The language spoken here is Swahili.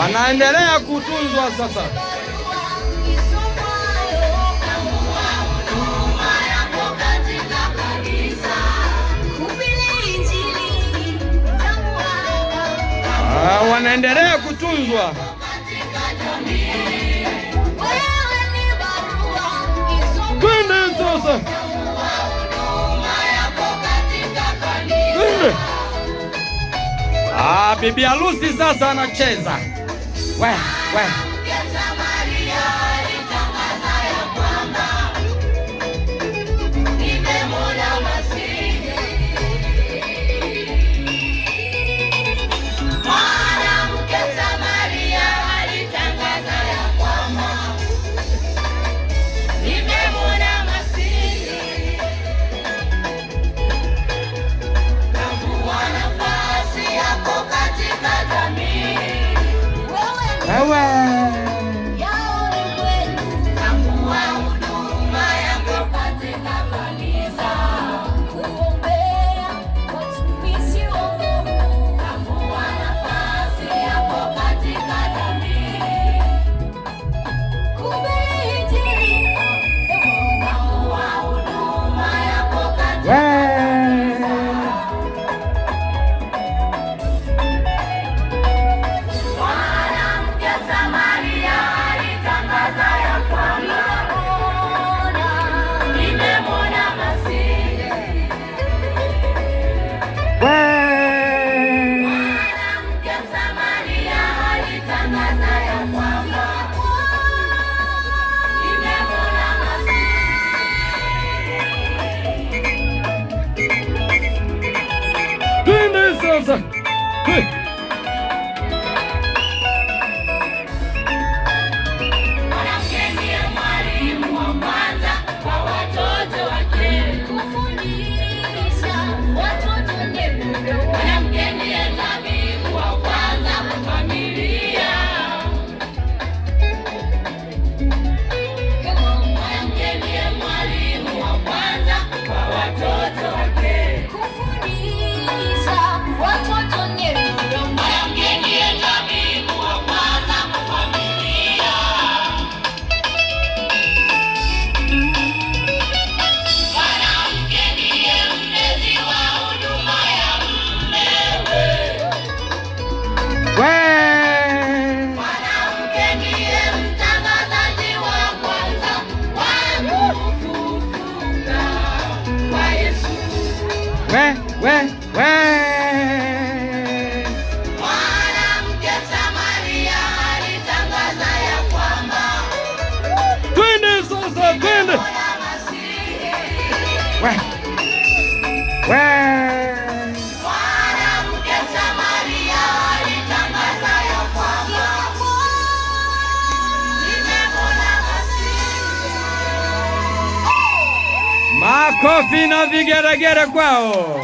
wanaendelea kutunzwa sasa. Ah, wanaendelea kutunzwa. Wewe ah, bibi harusi sasa anacheza Wewe, wewe. Maria. Away. 对。we, we, we. Mwanamke Samaria alitangaza ya kwamba twende sasa, twende Coffee na Vigueira Guerra Qual.